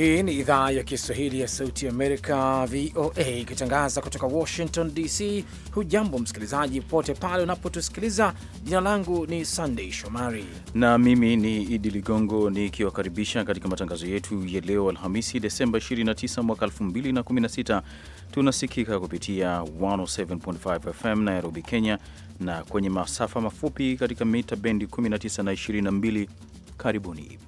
Hii ni idhaa ya Kiswahili ya Sauti Amerika, VOA, ikitangaza kutoka Washington DC. Hujambo msikilizaji, popote pale unapotusikiliza. Jina langu ni Sandei Shomari na mimi ni Idi Ligongo nikiwakaribisha katika matangazo yetu ya leo Alhamisi, Desemba 29 mwaka 2016. Tunasikika kupitia 107.5 FM Nairobi, Kenya, na kwenye masafa mafupi katika mita bendi 19 na 22. Karibuni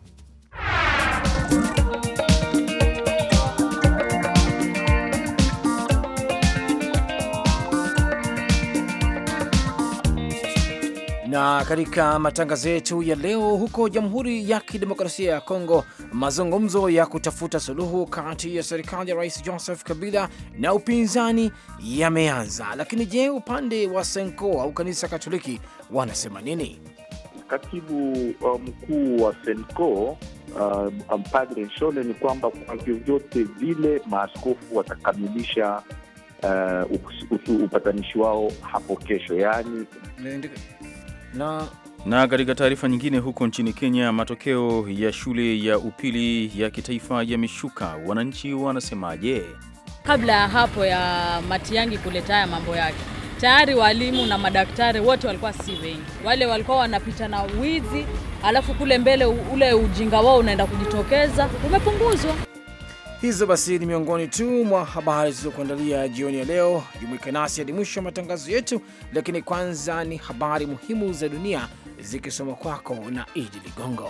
Na katika matangazo yetu ya leo, huko Jamhuri ya Kidemokrasia ya Kongo, mazungumzo ya kutafuta suluhu kati ya serikali ya Rais Joseph Kabila na upinzani yameanza. Lakini je, upande wa Senko au kanisa Katoliki wanasema nini? Katibu uh, mkuu um, wa Senko uh, Padre Shole ni kwamba kwa vyovyote vile maaskofu watakamilisha uh, upatanishi wao hapo kesho, yaani na na katika taarifa nyingine, huko nchini Kenya, matokeo ya shule ya upili ya kitaifa yameshuka. Wananchi wanasemaje? Kabla ya hapo ya Matiangi kuleta haya mambo yake, tayari walimu na madaktari wote walikuwa si wengi, wale walikuwa wanapita na wizi, alafu kule mbele ule ujinga wao unaenda kujitokeza, umepunguzwa. Hizo basi ni miongoni tu mwa habari zilizokuandalia jioni ya leo. Jumuika nasi hadi mwisho wa matangazo yetu, lakini kwanza ni habari muhimu za dunia zikisoma kwako na Idi Ligongo.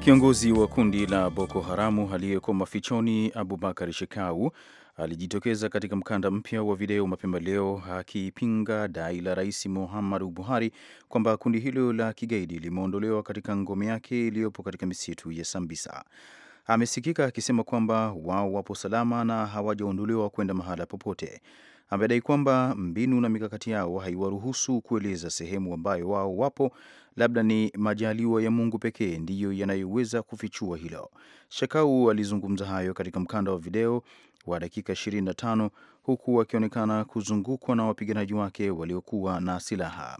Kiongozi wa kundi la Boko Haramu aliyeko mafichoni Abubakar Shekau alijitokeza katika mkanda mpya wa video mapema leo akipinga dai la Rais Muhammadu Buhari kwamba kundi hilo la kigaidi limeondolewa katika ngome yake iliyopo katika misitu ya Sambisa. Amesikika akisema kwamba wao wapo salama na hawajaondolewa kwenda mahala popote. Amedai kwamba mbinu na mikakati yao haiwaruhusu kueleza sehemu ambayo wao wapo, labda ni majaliwa ya Mungu pekee ndiyo yanayoweza kufichua hilo. Shekau alizungumza hayo katika mkanda wa video wa dakika 25 huku wakionekana kuzungukwa na wapiganaji wake waliokuwa na silaha.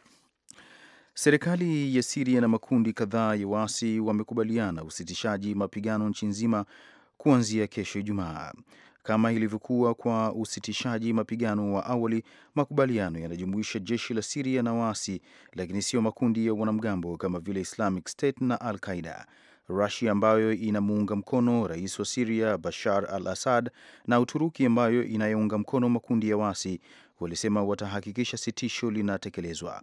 Serikali ya Siria na makundi kadhaa ya waasi wamekubaliana usitishaji mapigano nchi nzima kuanzia kesho Ijumaa. Kama ilivyokuwa kwa usitishaji mapigano wa awali, makubaliano yanajumuisha jeshi la Siria na waasi, lakini sio makundi ya wanamgambo kama vile Islamic State na Al Qaida. Rusia ambayo inamuunga mkono rais wa Siria Bashar al Assad na Uturuki ambayo inayounga mkono makundi ya wasi walisema watahakikisha sitisho linatekelezwa.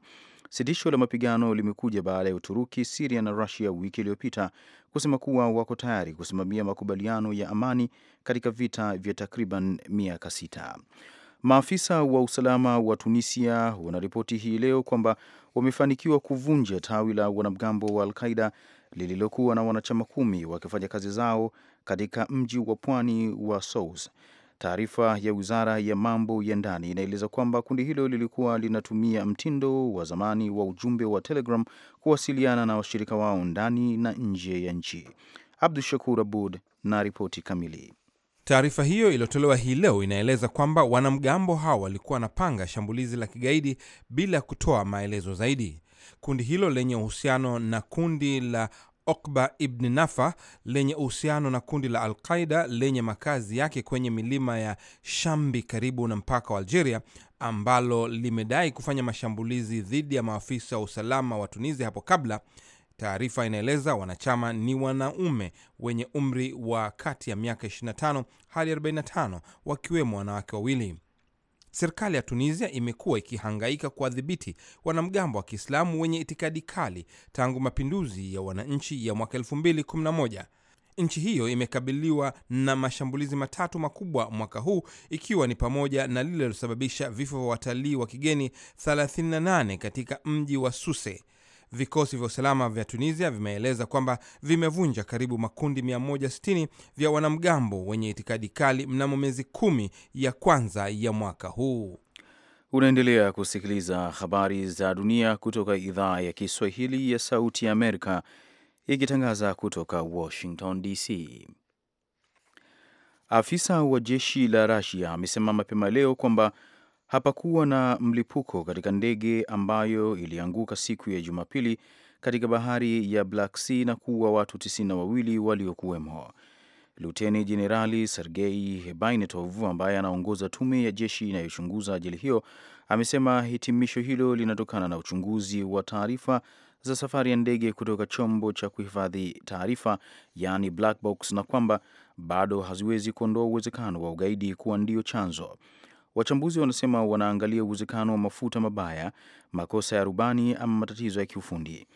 Sitisho la mapigano limekuja baada ya Uturuki, Siria na Rusia wiki iliyopita kusema kuwa wako tayari kusimamia makubaliano ya amani katika vita vya takriban miaka sita. Maafisa wa usalama wa Tunisia wanaripoti hii leo kwamba wamefanikiwa kuvunja tawi la wanamgambo wa Alqaida lililokuwa na wanachama kumi wakifanya kazi zao katika mji wa pwani wa Sous. Taarifa ya wizara ya mambo ya ndani inaeleza kwamba kundi hilo lilikuwa linatumia mtindo wa zamani wa ujumbe wa Telegram kuwasiliana na washirika wao ndani na nje ya nchi. Abdu Shakur Abud na ripoti kamili. Taarifa hiyo iliyotolewa hii leo inaeleza kwamba wanamgambo hao walikuwa wanapanga shambulizi la kigaidi bila kutoa maelezo zaidi kundi hilo lenye uhusiano na kundi la Okba ibn Nafa lenye uhusiano na kundi la Alqaida lenye makazi yake kwenye milima ya Shambi karibu na mpaka wa Algeria, ambalo limedai kufanya mashambulizi dhidi ya maafisa wa usalama wa Tunisia hapo kabla. Taarifa inaeleza wanachama ni wanaume wenye umri wa kati ya miaka 25 hadi 45, wakiwemo wanawake wawili. Serikali ya Tunisia imekuwa ikihangaika kuwadhibiti wanamgambo wa Kiislamu wenye itikadi kali tangu mapinduzi ya wananchi ya mwaka 2011. Nchi hiyo imekabiliwa na mashambulizi matatu makubwa mwaka huu ikiwa ni pamoja na lile lilosababisha vifo vya watalii wa kigeni 38 katika mji wa Suse Vikosi vya usalama vya Tunisia vimeeleza kwamba vimevunja karibu makundi 160 vya wanamgambo wenye itikadi kali mnamo miezi kumi ya kwanza ya mwaka huu. Unaendelea kusikiliza habari za dunia kutoka idhaa ya Kiswahili ya Sauti ya Amerika ikitangaza kutoka Washington DC. Afisa wa jeshi la Rasia amesema mapema leo kwamba Hapakuwa na mlipuko katika ndege ambayo ilianguka siku ya Jumapili katika bahari ya Black Sea na kuua watu tisini na wawili waliokuwemo. Luteni Jenerali Sergei Hebinetov ambaye anaongoza tume ya jeshi inayochunguza ajali hiyo amesema hitimisho hilo linatokana na uchunguzi wa taarifa za safari ya ndege kutoka chombo cha kuhifadhi taarifa yaani black box, na kwamba bado haziwezi kuondoa uwezekano wa ugaidi kuwa ndio chanzo. Wachambuzi wanasema wanaangalia uwezekano wa mafuta mabaya, makosa ya rubani ama matatizo ya kiufundi.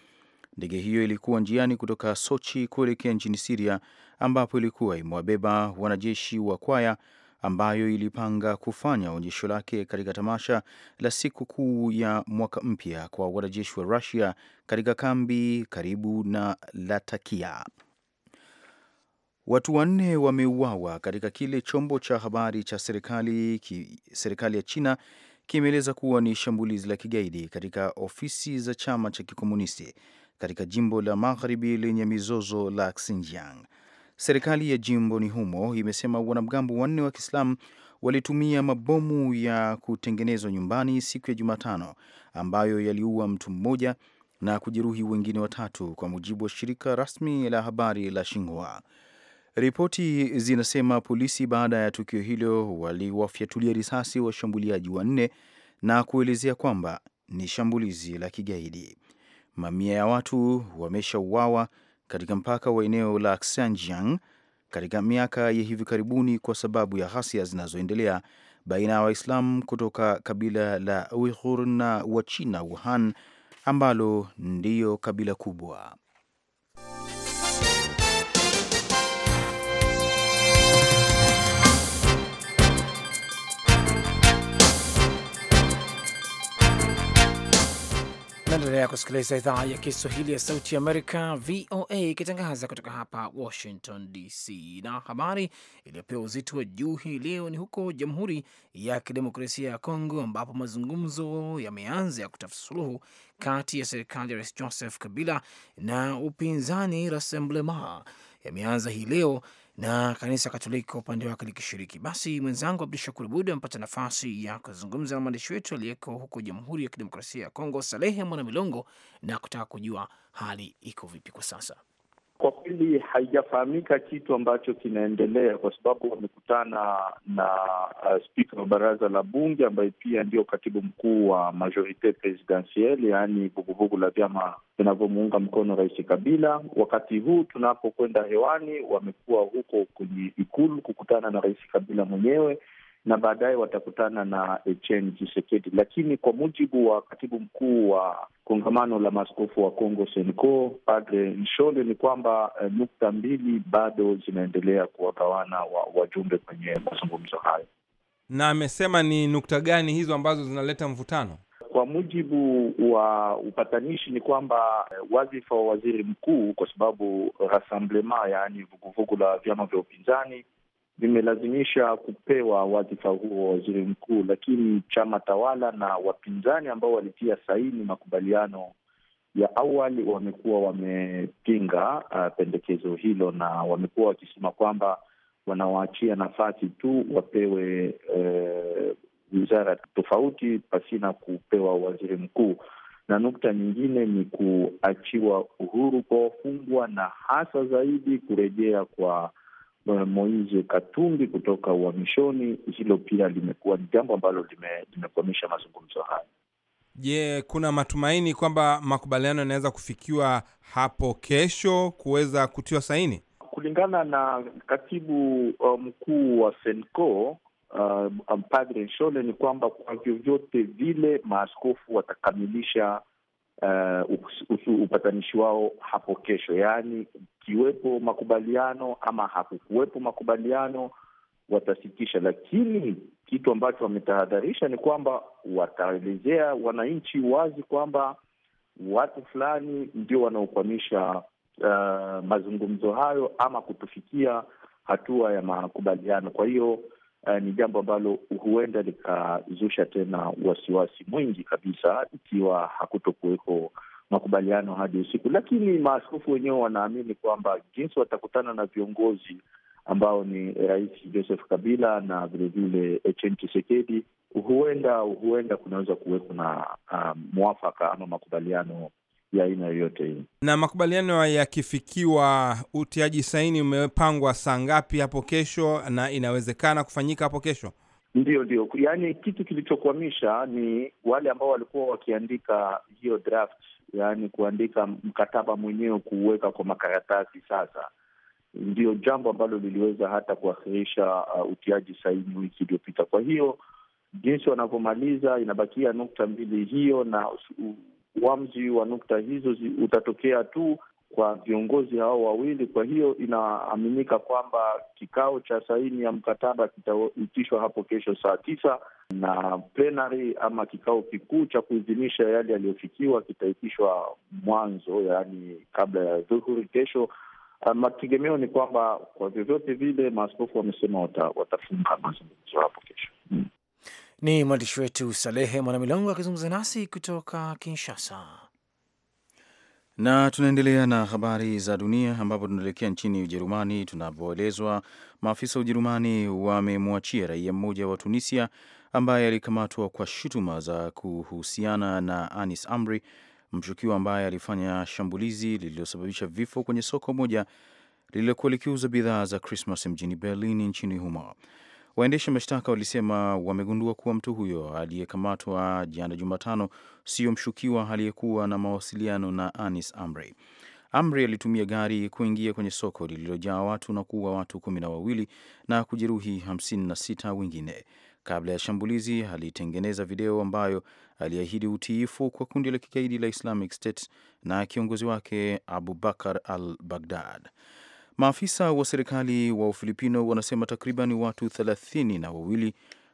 Ndege hiyo ilikuwa njiani kutoka Sochi kuelekea nchini Siria, ambapo ilikuwa imewabeba wanajeshi wa kwaya ambayo ilipanga kufanya onyesho lake katika tamasha la siku kuu ya mwaka mpya kwa wanajeshi wa Rusia katika kambi karibu na Latakia. Watu wanne wameuawa katika kile chombo cha habari cha serikali ki, serikali ya China kimeeleza kuwa ni shambulizi la kigaidi katika ofisi za chama cha kikomunisti katika jimbo la magharibi lenye mizozo la Xinjiang. Serikali ya jimbo ni humo imesema wanamgambo wanne wa Kiislamu walitumia mabomu ya kutengenezwa nyumbani siku ya Jumatano ambayo yaliua mtu mmoja na kujeruhi wengine watatu, kwa mujibu wa shirika rasmi la habari la Xinhua. Ripoti zinasema polisi baada ya tukio hilo waliwafyatulia risasi washambuliaji wanne na kuelezea kwamba ni shambulizi la kigaidi. Mamia ya watu wameshauawa katika mpaka wa eneo la Xinjiang katika miaka ya hivi karibuni kwa sababu ya ghasia zinazoendelea baina ya Waislamu kutoka kabila la Uighur na Wachina Wuhan ambalo ndiyo kabila kubwa. Naendelea kusikiliza idhaa ya Kiswahili ya Sauti Amerika, VOA, ikitangaza kutoka hapa Washington DC. Na habari iliyopewa uzito wa juu hii leo ni huko Jamhuri ya Kidemokrasia ya Kongo, ambapo mazungumzo yameanza ya kutafuta suluhu kati ya serikali ya Rais Joseph Kabila na upinzani Rassemblement yameanza hii leo na kanisa Katoliki kwa upande wake likishiriki. Basi mwenzangu Abdu Shakur Abud amepata nafasi ya kuzungumza na mwandishi wetu aliyeko huko Jamhuri ya Kidemokrasia ya Kongo, Salehe mwana milongo na kutaka kujua hali iko vipi kwa sasa. Kwa kweli haijafahamika kitu ambacho kinaendelea, kwa sababu wamekutana na uh, spika wa baraza la bunge ambaye pia ndio katibu mkuu wa majorite presidentielle, yaani vuguvugu la vyama vinavyomuunga mkono Rais Kabila. Wakati huu tunapokwenda hewani, wamekuwa huko kwenye ikulu kukutana na Rais Kabila mwenyewe na baadaye watakutana na Etienne Tshisekedi. Lakini kwa mujibu wa katibu mkuu wa kongamano la maaskofu wa congo Senco Padre Nshole, ni kwamba eh, nukta mbili bado zinaendelea kuwagawana wajumbe wa kwenye mazungumzo hayo. Na amesema ni nukta gani hizo ambazo zinaleta mvutano? Kwa mujibu wa upatanishi ni kwamba eh, wadhifa wa waziri mkuu, kwa sababu rassemblement, yaani vuguvugu la vyama vya upinzani vimelazimisha kupewa wadhifa huo wa waziri mkuu, lakini chama tawala na wapinzani ambao walitia saini makubaliano ya awali wamekuwa wamepinga uh, pendekezo hilo na wamekuwa wakisema kwamba wanawaachia nafasi tu wapewe uh, wizara tofauti pasina kupewa waziri mkuu. Na nukta nyingine ni kuachiwa uhuru kwa wafungwa na hasa zaidi kurejea kwa Uh, Moise Katumbi kutoka uhamishoni, hilo pia limekuwa ni jambo ambalo limekwamisha mazungumzo hayo. Je, kuna matumaini kwamba makubaliano yanaweza kufikiwa hapo kesho kuweza kutiwa saini? Kulingana na katibu uh, mkuu wa Senco uh, Padre Nshole ni kwamba kwa vyovyote vile maaskofu watakamilisha uh, upatanishi wao hapo kesho, yaani ikiwepo makubaliano ama hakukuwepo makubaliano watasitisha, lakini kitu ambacho wametahadharisha ni kwamba wataelezea wananchi wazi kwamba watu fulani ndio wanaokwamisha uh, mazungumzo hayo ama kutufikia hatua ya makubaliano. Kwa hiyo uh, ni jambo ambalo huenda likazusha tena wasiwasi mwingi kabisa ikiwa hakutokuweko makubaliano hadi usiku, lakini maaskofu wenyewe wanaamini kwamba jinsi watakutana na viongozi ambao ni eh, Rais Joseph Kabila na vilevile Etienne eh, Tshisekedi, huenda huenda kunaweza kuwekwa na um, mwafaka ama makubaliano ya aina yoyote hii. Na makubaliano yakifikiwa, utiaji saini umepangwa saa ngapi hapo kesho, na inawezekana kufanyika hapo kesho? ndio ndio, yaani kitu kilichokwamisha ni wale ambao walikuwa wakiandika hiyo draft yaani kuandika mkataba mwenyewe, kuuweka kwa makaratasi sasa ndio jambo ambalo liliweza hata kuahirisha uh, utiaji saini wiki iliyopita. Kwa hiyo jinsi wanavyomaliza inabakia nukta mbili hiyo, na uamzi wa nukta hizo zi, utatokea tu kwa viongozi hao wawili. Kwa hiyo inaaminika kwamba kikao cha saini ya mkataba kitaitishwa hapo kesho saa tisa na plenary ama kikao kikuu cha kuidhinisha yale yaliyofikiwa kitaitishwa mwanzo, yaani kabla ya dhuhuri kesho. Ah, mategemeo ni kwamba kwa vyovyote vile maaskofu wamesema watafunga mazungumzo hapo kesho. Hmm. Ni mwandishi wetu Salehe Mwanamilongo akizungumza nasi kutoka Kinshasa. Na tunaendelea na habari za dunia ambapo tunaelekea nchini Ujerumani tunavyoelezwa. Maafisa wa Ujerumani wamemwachia raia mmoja wa Tunisia ambaye alikamatwa kwa shutuma za kuhusiana na Anis Amri, mshukiwa ambaye alifanya shambulizi lililosababisha vifo kwenye soko moja lililokuwa likiuza bidhaa za Krismas mjini Berlin nchini humo. Waendesha mashtaka walisema wamegundua kuwa mtu huyo aliyekamatwa jana Jumatano sio mshukiwa aliyekuwa na mawasiliano na Anis Amri. Amri alitumia gari kuingia kwenye soko lililojaa watu na kuua watu kumi na wawili na kujeruhi hamsini na sita wengine. Kabla ya shambulizi, alitengeneza video ambayo aliahidi utiifu kwa kundi la kigaidi la Islamic State na kiongozi wake abubakar al Baghdad. Maafisa wa serikali wa Ufilipino wanasema takriban watu thelathini na wawili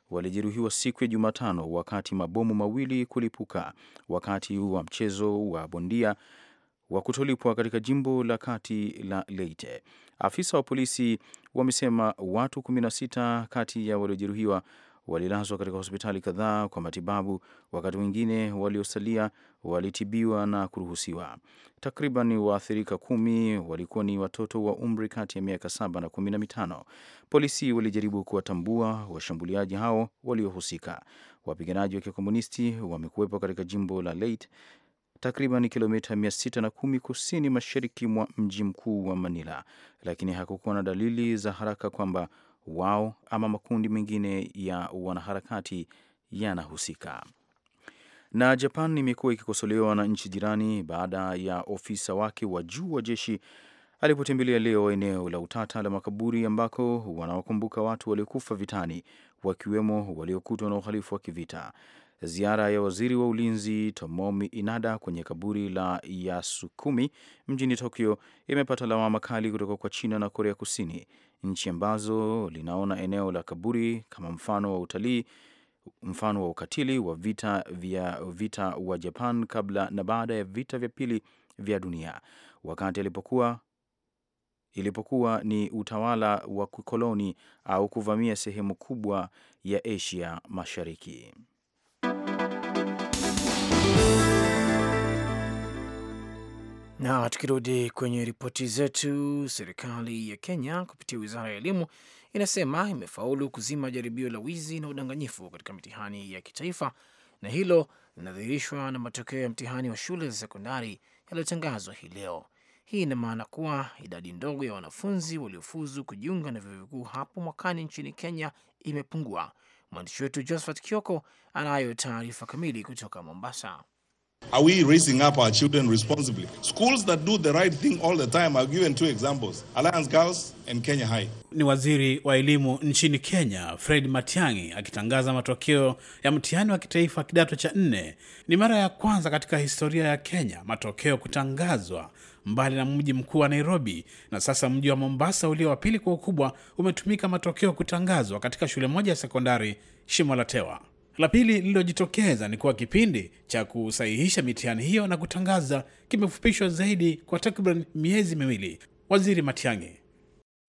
walijeruhiwa siku ya Jumatano wakati mabomu mawili kulipuka wakati wa mchezo wa bondia wa kutolipwa katika jimbo la kati la Leyte. Afisa wa polisi wamesema watu 16 kati ya waliojeruhiwa walilazwa katika hospitali kadhaa kwa matibabu, wakati wengine waliosalia walitibiwa na kuruhusiwa. Takriban waathirika kumi walikuwa ni watoto wa umri kati ya miaka saba na kumi na mitano. Polisi walijaribu kuwatambua washambuliaji hao waliohusika. Wapiganaji wa kikomunisti wamekuwepo katika jimbo la Leyte, takriban kilomita 610 kusini mashariki mwa mji mkuu wa Manila, lakini hakukuwa na dalili za haraka kwamba wao ama makundi mengine ya wanaharakati yanahusika. Na Japan imekuwa ikikosolewa na nchi jirani baada ya ofisa wake wa juu wa jeshi alipotembelea leo eneo la utata la makaburi ambako wanawakumbuka watu waliokufa vitani wakiwemo waliokutwa na uhalifu wa kivita. Ziara ya waziri wa ulinzi Tomomi Inada kwenye kaburi la Yasukuni mjini Tokyo imepata lawama kali kutoka kwa China na Korea Kusini, nchi ambazo linaona eneo la kaburi kama mfano wa utalii mfano wa ukatili wa vita vya vita wa Japan kabla na baada ya vita vya pili vya dunia wakati ilipokuwa ilipokuwa ni utawala wa kikoloni au kuvamia sehemu kubwa ya Asia Mashariki. Na tukirudi kwenye ripoti zetu, serikali ya Kenya kupitia wizara ya elimu inasema imefaulu kuzima jaribio la wizi na udanganyifu katika mitihani ya kitaifa, na hilo linadhihirishwa na matokeo ya mtihani wa shule za sekondari yaliyotangazwa hii leo. Hii ina maana kuwa idadi ndogo ya wanafunzi waliofuzu kujiunga na vyuo vikuu hapo mwakani nchini Kenya imepungua. Mwandishi wetu Josephat Kioko anayo taarifa kamili kutoka Mombasa. Are we raising up our children responsibly? Schools that do the right thing all the time. I've given two examples, Alliance Girls and Kenya High. Ni waziri wa elimu nchini Kenya, Fred Matiang'i, akitangaza matokeo ya mtihani wa kitaifa kidato cha nne. Ni mara ya kwanza katika historia ya Kenya matokeo kutangazwa mbali na mji mkuu wa Nairobi. Na sasa mji wa Mombasa ulio wa pili kwa ukubwa umetumika matokeo kutangazwa katika shule moja ya sekondari Shimo la Tewa. La pili lililojitokeza ni kuwa kipindi cha kusahihisha mitihani hiyo na kutangaza kimefupishwa zaidi kwa takriban miezi miwili. Waziri Matiang'i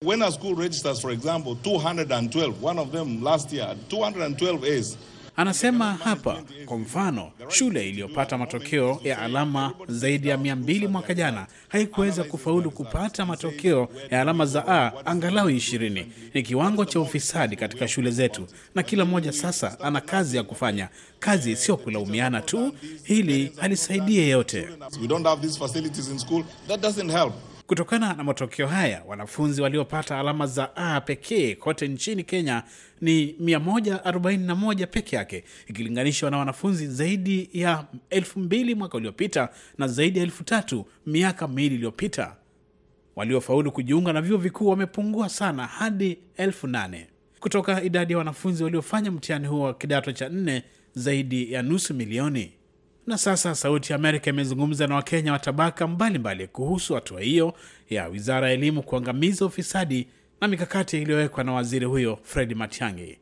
When a school registers for example 212 one of them last year 212 A's Anasema hapa, kwa mfano, shule iliyopata matokeo ya alama zaidi ya 200 mwaka jana haikuweza kufaulu kupata matokeo ya alama za A angalau 20. Ni kiwango cha ufisadi katika shule zetu, na kila mmoja sasa ana kazi ya kufanya, kazi sio kulaumiana tu. Hili halisaidii yeyote. Kutokana na matokeo haya, wanafunzi waliopata alama za A pekee kote nchini Kenya ni 141 peke yake ikilinganishwa na wanafunzi zaidi ya 20 mwaka uliopita na zaidi ya 3 miaka miwili iliyopita. Waliofaulu kujiunga na vyuo vikuu wamepungua sana hadi 8 kutoka idadi ya wanafunzi waliofanya mtihani huo wa kidato cha 4 zaidi ya nusu milioni. Na sasa Sauti ya Amerika imezungumza na Wakenya wa tabaka mbalimbali kuhusu hatua hiyo ya wizara ya elimu kuangamiza ufisadi na mikakati iliyowekwa na waziri huyo fredi Matiang'i.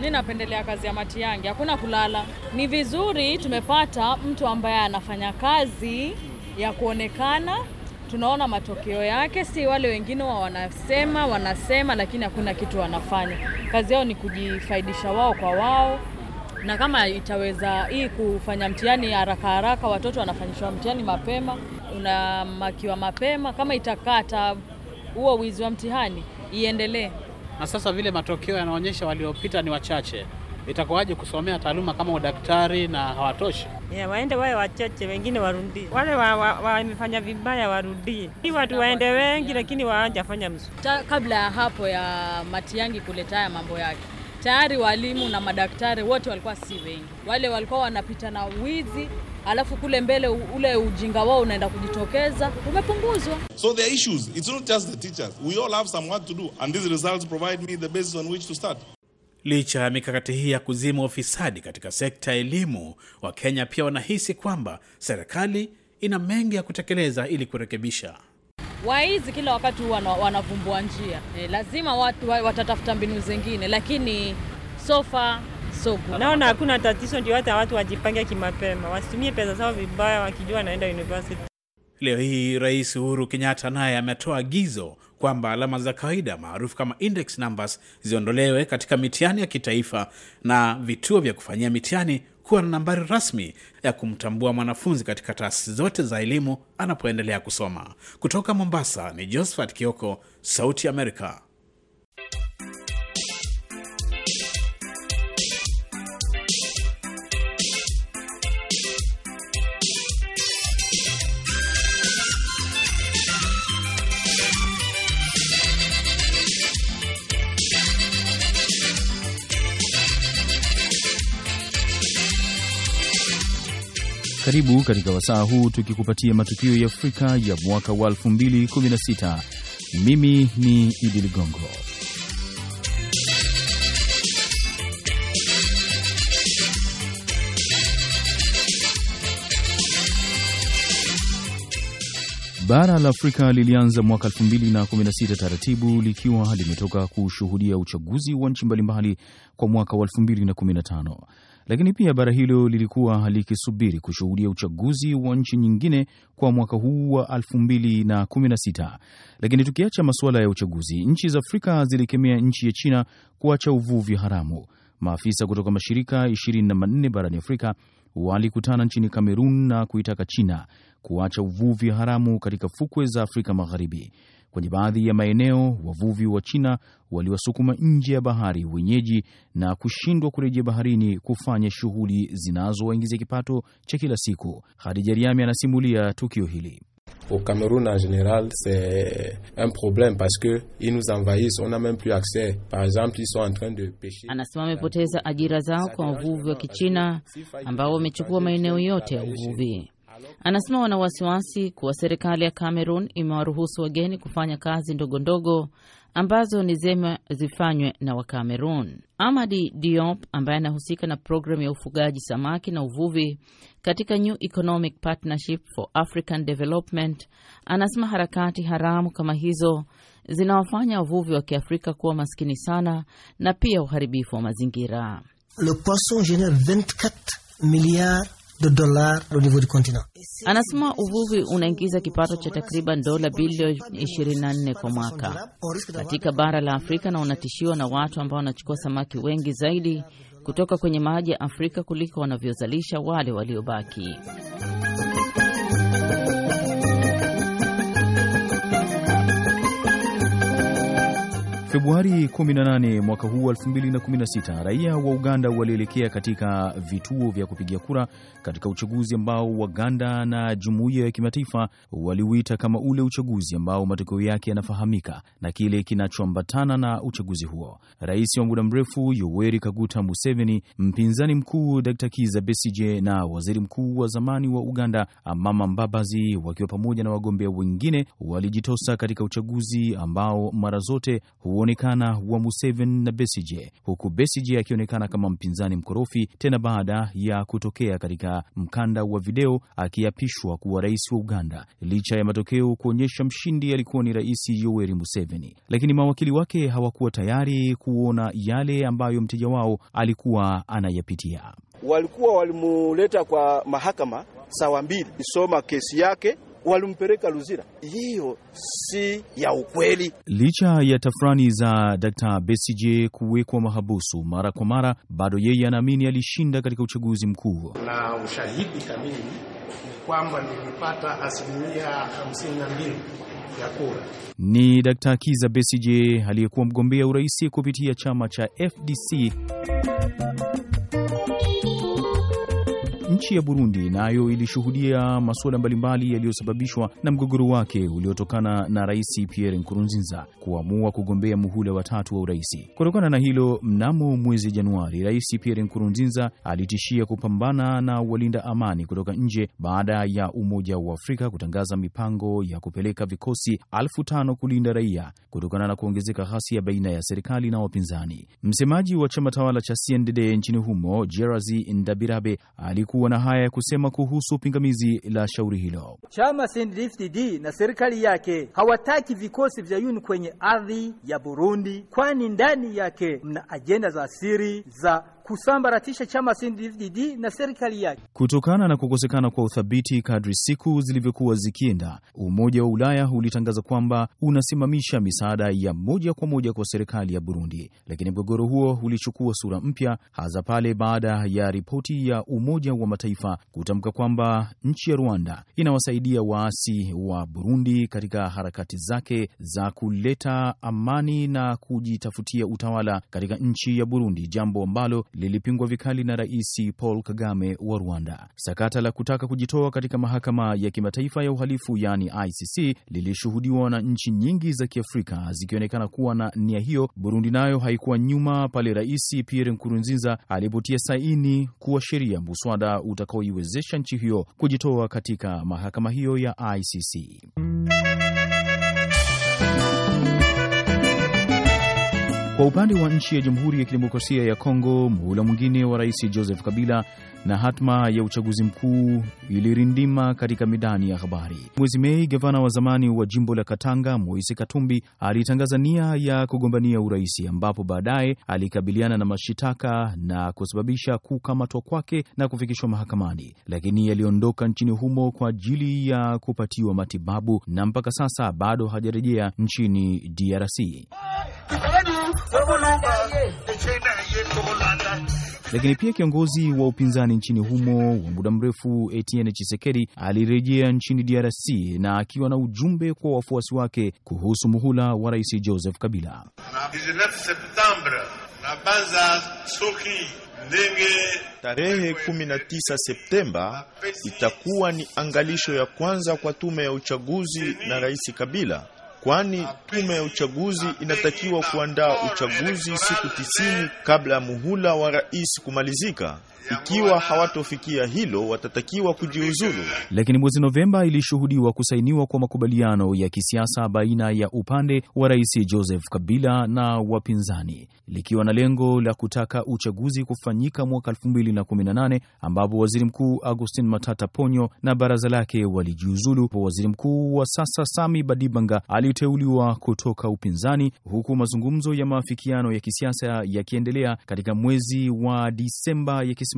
Mi napendelea kazi ya Matiang'i, hakuna kulala. Ni vizuri tumepata mtu ambaye anafanya kazi ya kuonekana, tunaona matokeo yake, si wale wengine wa wanasema wanasema, lakini hakuna kitu wanafanya. Kazi yao ni kujifaidisha wao kwa wao na kama itaweza hii kufanya mtihani haraka haraka, watoto wanafanyishwa mtihani mapema, unamakiwa mapema. Kama itakata huo wizi wa mtihani, iendelee. Na sasa vile matokeo yanaonyesha waliopita ni wachache, itakuwaje kusomea taaluma kama udaktari na hawatoshi? Yeah, waende wawe wachache, wengine warudie. Wale wamefanya wa, wa, vibaya warudie, hii watu waende wengi, lakini waanjafanya mzuri kabla ya hapo ya Matiangi kuleta haya mambo yake tayari walimu na madaktari wote walikuwa si wengi, wale walikuwa wanapita na wizi, alafu kule mbele ule ujinga wao unaenda kujitokeza umepunguzwa. So there are issues. It's not just the teachers. We all have some work to do and these results provide me the basis on which to start. Licha ya mikakati hii ya kuzima ufisadi katika sekta ya elimu, Wakenya pia wanahisi kwamba serikali ina mengi ya kutekeleza ili kurekebisha waizi kila wakati huwa wanavumbua njia e, lazima watu watatafuta mbinu zingine, lakini sofa so naona hakuna tatizo, ndio hata watu wajipange kimapema, wasitumie pesa zao vibaya wakijua wanaenda university. Leo hii Rais Uhuru Kenyatta naye ametoa agizo kwamba alama za kawaida maarufu kama index numbers ziondolewe katika mitihani ya kitaifa na vituo vya kufanyia mitihani kuwa na nambari rasmi ya kumtambua mwanafunzi katika taasisi zote za elimu anapoendelea kusoma. Kutoka Mombasa ni Josephat Kioko, Sauti Amerika. Karibu katika wasaa huu tukikupatia matukio ya Afrika ya mwaka wa 2016. Mimi ni Idi Ligongo. Bara la Afrika lilianza mwaka 2016 taratibu likiwa limetoka kushuhudia uchaguzi wa nchi mbalimbali kwa mwaka wa 2015 lakini pia bara hilo lilikuwa likisubiri kushuhudia uchaguzi wa nchi nyingine kwa mwaka huu wa 2016. Lakini tukiacha masuala ya uchaguzi, nchi za Afrika zilikemea nchi ya China kuacha uvuvi haramu. Maafisa kutoka mashirika 24 barani Afrika walikutana nchini Kamerun na kuitaka China kuacha uvuvi haramu katika fukwe za Afrika Magharibi. Kwenye baadhi ya maeneo, wavuvi wa China waliwasukuma nje ya bahari wenyeji na kushindwa kurejea baharini kufanya shughuli zinazowaingizia kipato cha kila siku. Hadija Riami anasimulia tukio hili. Au Cameroun en c'est un problème parce que ils nous envahissent, on même plus accès. Par exemple, ils sont en train de pêcher. Anasema amepoteza ajira zao kwa wavuvi wa Kichina ambao wamechukua maeneo yote ya uvuvi. Anasema wana wasiwasi kuwa serikali ya Cameroon imewaruhusu wageni kufanya kazi ndogondogo ambazo ni zema zifanywe na wacameron Amadi Diop ambaye anahusika na programu ya ufugaji samaki na uvuvi katika New Economic Partnership for African Development anasema harakati haramu kama hizo zinawafanya wavuvi wa Kiafrika kuwa maskini sana na pia uharibifu wa mazingira. Le poisson genere 24 milliards de dollars au niveau du continent. Anasema uvuvi unaingiza kipato cha takriban dola bilioni 24 kwa mwaka katika bara la Afrika na unatishiwa na watu ambao wanachukua samaki wengi zaidi kutoka kwenye maji ya Afrika kuliko wanavyozalisha wale waliobaki. Februari 18 mwaka huu 2016, raia wa Uganda walielekea katika vituo vya kupigia kura katika uchaguzi ambao Waganda na jumuiya ya kimataifa waliuita kama ule uchaguzi ambao matokeo yake yanafahamika na kile kinachoambatana na uchaguzi huo. Rais wa muda mrefu Yoweri Kaguta Museveni, mpinzani mkuu Dr. Kiza Besije na waziri mkuu wa zamani wa Uganda Amama Mbabazi, wakiwa pamoja na wagombea wengine, walijitosa katika uchaguzi ambao mara zote huo huonekana wa Museveni na besije huku Besije akionekana kama mpinzani mkorofi tena baada ya kutokea katika mkanda wa video akiapishwa kuwa rais wa Uganda, licha ya matokeo kuonyesha mshindi alikuwa ni Rais Yoweri Museveni, lakini mawakili wake hawakuwa tayari kuona yale ambayo mteja wao alikuwa anayapitia. Walikuwa walimuleta kwa mahakama saa mbili isoma kesi yake walimpeleka Luzira. Hiyo si ya ukweli. Licha ya tafrani za Dkt. Besigye kuwekwa mahabusu mara kwa mara, bado yeye anaamini alishinda katika uchaguzi mkuu, na ushahidi kamili kwamba nilipata asilimia 52 ya kura. Ni Dkt. Kiza Besigye aliyekuwa mgombea urais kupitia chama cha FDC. Nchi ya Burundi nayo ilishuhudia masuala mbalimbali yaliyosababishwa na mgogoro wake uliotokana na Rais Pierre Nkurunziza kuamua kugombea muhula watatu wa uraisi. Kutokana na hilo, mnamo mwezi Januari, Rais Pierre Nkurunziza alitishia kupambana na walinda amani kutoka nje baada ya Umoja wa Afrika kutangaza mipango ya kupeleka vikosi elfu tano kulinda raia kutokana na kuongezeka ghasia baina ya serikali na wapinzani. Msemaji wa chama tawala cha CNDD nchini humo Jerazi Ndabirabe alikuwa kuwa na haya ya kusema kuhusu pingamizi la shauri hilo. Chama CNDD-FDD na serikali yake hawataki vikosi vya UN kwenye ardhi ya Burundi, kwani ndani yake mna ajenda za siri za kusambaratisha chama CNDD-FDD na serikali yake. Kutokana na kukosekana kwa uthabiti kadri siku zilivyokuwa zikienda, Umoja wa Ulaya ulitangaza kwamba unasimamisha misaada ya moja kwa moja kwa serikali ya Burundi, lakini mgogoro huo ulichukua sura mpya hasa pale baada ya ripoti ya Umoja wa Mataifa kutamka kwamba nchi ya Rwanda inawasaidia waasi wa Burundi katika harakati zake za kuleta amani na kujitafutia utawala katika nchi ya Burundi, jambo ambalo lilipingwa vikali na Rais Paul Kagame wa Rwanda. Sakata la kutaka kujitoa katika mahakama ya kimataifa ya uhalifu yaani ICC lilishuhudiwa na nchi nyingi za Kiafrika zikionekana kuwa na nia hiyo. Burundi nayo haikuwa nyuma pale Rais Pierre Nkurunziza alipotia saini kuwa sheria muswada utakaoiwezesha nchi hiyo kujitoa katika mahakama hiyo ya ICC. Kwa upande wa nchi ya Jamhuri ya Kidemokrasia ya Kongo, muhula mwingine wa Rais Joseph Kabila na hatma ya uchaguzi mkuu ilirindima katika midani ya habari. Mwezi Mei, gavana wa zamani wa jimbo la Katanga Moise Katumbi alitangaza nia ya kugombania urais, ambapo baadaye alikabiliana na mashitaka na kusababisha kukamatwa kwake na kufikishwa mahakamani, lakini aliondoka nchini humo kwa ajili ya kupatiwa matibabu na mpaka sasa bado hajarejea nchini DRC. Lakini pia kiongozi wa upinzani nchini humo wa muda mrefu Etienne chisekedi alirejea nchini DRC na akiwa na ujumbe kwa wafuasi wake kuhusu muhula wa Rais Joseph Kabila. Tarehe 19 Septemba itakuwa ni angalisho ya kwanza kwa tume ya uchaguzi na Rais Kabila kwani tume ya uchaguzi inatakiwa kuandaa uchaguzi siku tisini kabla ya muhula wa rais kumalizika. Ikiwa hawatofikia hilo, watatakiwa kujiuzulu. Lakini mwezi Novemba ilishuhudiwa kusainiwa kwa makubaliano ya kisiasa baina ya upande wa Rais Joseph Kabila na wapinzani, likiwa na lengo la kutaka uchaguzi kufanyika mwaka 2018 ambapo waziri mkuu Augustin Matata Ponyo na baraza lake walijiuzulu. Waziri mkuu wa sasa Sami Badibanga aliteuliwa kutoka upinzani, huku mazungumzo ya maafikiano ya kisiasa yakiendelea katika mwezi wa Disemba yakis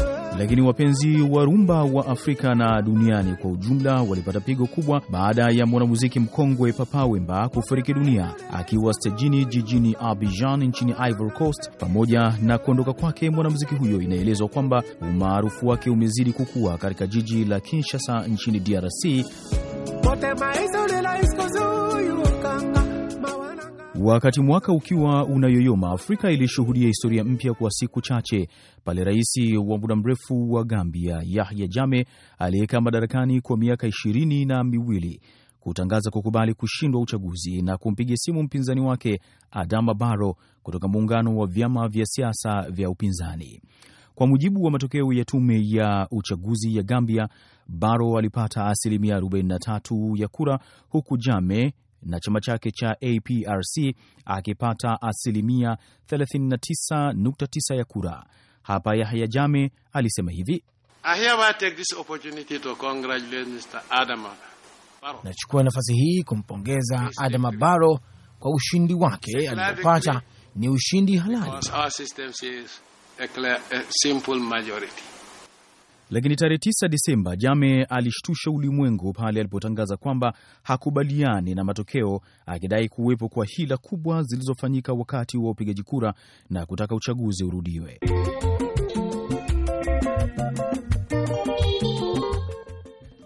Lakini wapenzi wa rumba wa Afrika na duniani kwa ujumla walipata pigo kubwa baada ya mwanamuziki mkongwe Papa Wemba kufariki dunia akiwa stejini jijini Abidjan nchini Ivory Coast. Pamoja na kuondoka kwake mwanamuziki huyo, inaelezwa kwamba umaarufu wake umezidi kukua katika jiji la Kinshasa nchini DRC. Potema. Wakati mwaka ukiwa unayoyoma, Afrika ilishuhudia historia mpya kwa siku chache pale rais wa muda mrefu wa Gambia Yahya Jammeh aliyekaa madarakani kwa miaka ishirini na miwili kutangaza kukubali kushindwa uchaguzi na kumpiga simu mpinzani wake Adama Barrow kutoka muungano wa vyama vya siasa vya upinzani. Kwa mujibu wa matokeo ya tume ya uchaguzi ya Gambia, Barrow alipata asilimia 43 ya kura huku Jammeh na chama chake cha APRC akipata asilimia 39.9 ya kura. Hapa Yahya jame alisema hivi: nachukua nafasi hii kumpongeza Adama baro kwa ushindi wake aliyopata. Ni ushindi halali. Lakini tarehe 9 disemba Jame alishtusha ulimwengu pale alipotangaza kwamba hakubaliani na matokeo, akidai kuwepo kwa hila kubwa zilizofanyika wakati wa upigaji kura na kutaka uchaguzi urudiwe.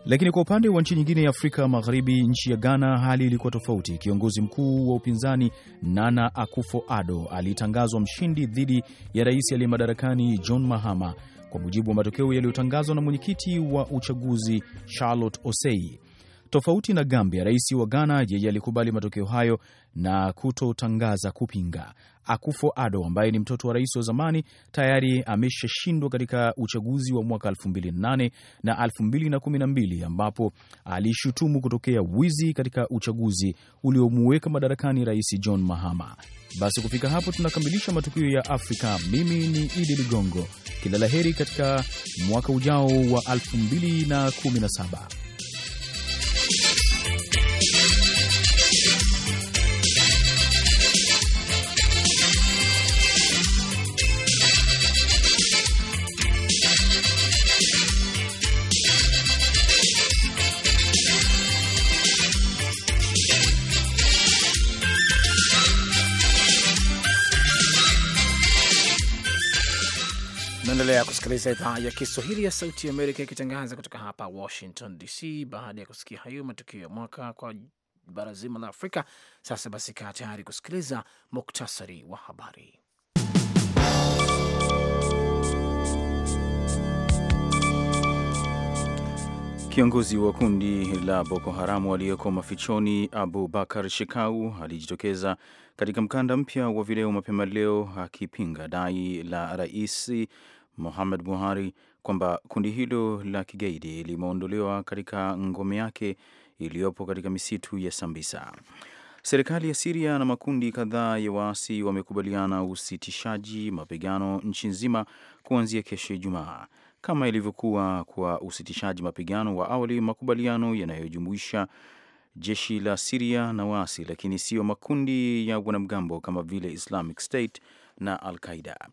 Lakini kwa upande wa nchi nyingine ya Afrika Magharibi, nchi ya Ghana, hali ilikuwa tofauti. Kiongozi mkuu wa upinzani Nana akufo ado alitangazwa mshindi dhidi ya rais aliye madarakani John Mahama kwa mujibu wa matokeo yaliyotangazwa na mwenyekiti wa uchaguzi Charlotte Osei. Tofauti na Gambia, rais wa Ghana yeye alikubali matokeo hayo na kutotangaza kupinga akufo ado ambaye ni mtoto wa rais wa zamani tayari ameshashindwa katika uchaguzi wa mwaka 2008 na 2012 ambapo alishutumu kutokea wizi katika uchaguzi uliomuweka madarakani Rais John Mahama. Basi kufika hapo tunakamilisha matukio ya Afrika. Mimi ni Idi Ligongo, kila la heri katika mwaka ujao wa 2017. unasikiliza idhaa ya Kiswahili ya Sauti ya Amerika ikitangaza kutoka hapa Washington DC. Baada ya kusikia hayo matukio ya mwaka kwa bara zima la Afrika, sasa basi kaa tayari kusikiliza muktasari wa habari. Kiongozi wa kundi la Boko Haramu aliyeko mafichoni Abu Bakar Shekau alijitokeza katika mkanda mpya wa video mapema leo akipinga dai la rais Muhammad Buhari kwamba kundi hilo la kigaidi limeondolewa katika ngome yake iliyopo katika misitu ya Sambisa. Serikali ya Siria na makundi kadhaa ya waasi wamekubaliana usitishaji mapigano nchi nzima kuanzia kesho Ijumaa. Kama ilivyokuwa kwa usitishaji mapigano wa awali, makubaliano yanayojumuisha jeshi la Siria na waasi, lakini siyo makundi ya wanamgambo kama vile Islamic State na Al Qaida.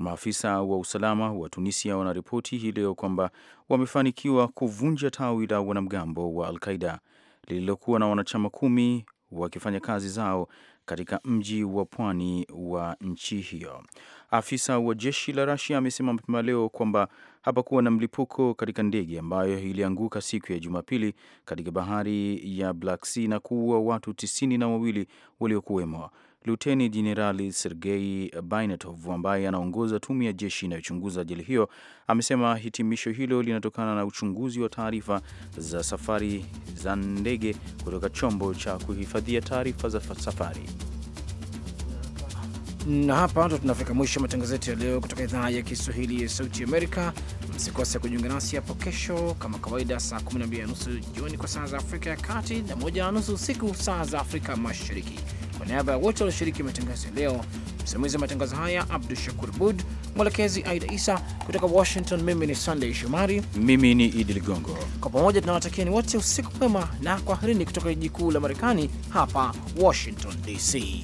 Maafisa wa usalama wa Tunisia wanaripoti hii leo kwamba wamefanikiwa kuvunja tawi la wanamgambo wa Alqaida lililokuwa na wanachama kumi wakifanya kazi zao katika mji wa pwani wa nchi hiyo. Afisa wa jeshi la Rasia amesema mapema leo kwamba hapakuwa na mlipuko katika ndege ambayo ilianguka siku ya Jumapili katika bahari ya Black Sea na kuua watu tisini na wawili waliokuwemo. Luteni Jenerali Sergei Bainatov ambaye anaongoza tume ya jeshi inayochunguza ajali hiyo amesema hitimisho hilo linatokana na uchunguzi wa taarifa za safari za ndege kutoka chombo cha kuhifadhia taarifa za safari. Na hapa ndo tunafika mwisho matangazo yetu ya leo kutoka idhaa ya Kiswahili ya Sauti Amerika. Msikose kujiunga nasi hapo kesho kama kawaida, saa 12 na nusu jioni kwa saa za Afrika ya Kati na moja na nusu usiku saa za Afrika Mashariki. Kwa niaba ya wote walioshiriki matangazo ya leo, msimamizi wa matangazo haya Abdu Shakur bud mwelekezi Aida Isa kutoka Washington. Mimi ni sandey Shomari, mimi ni Idi Ligongo. Kwa pamoja ni wote usiku mwema na kwaherini kutoka jiji kuu la Marekani, hapa Washington DC.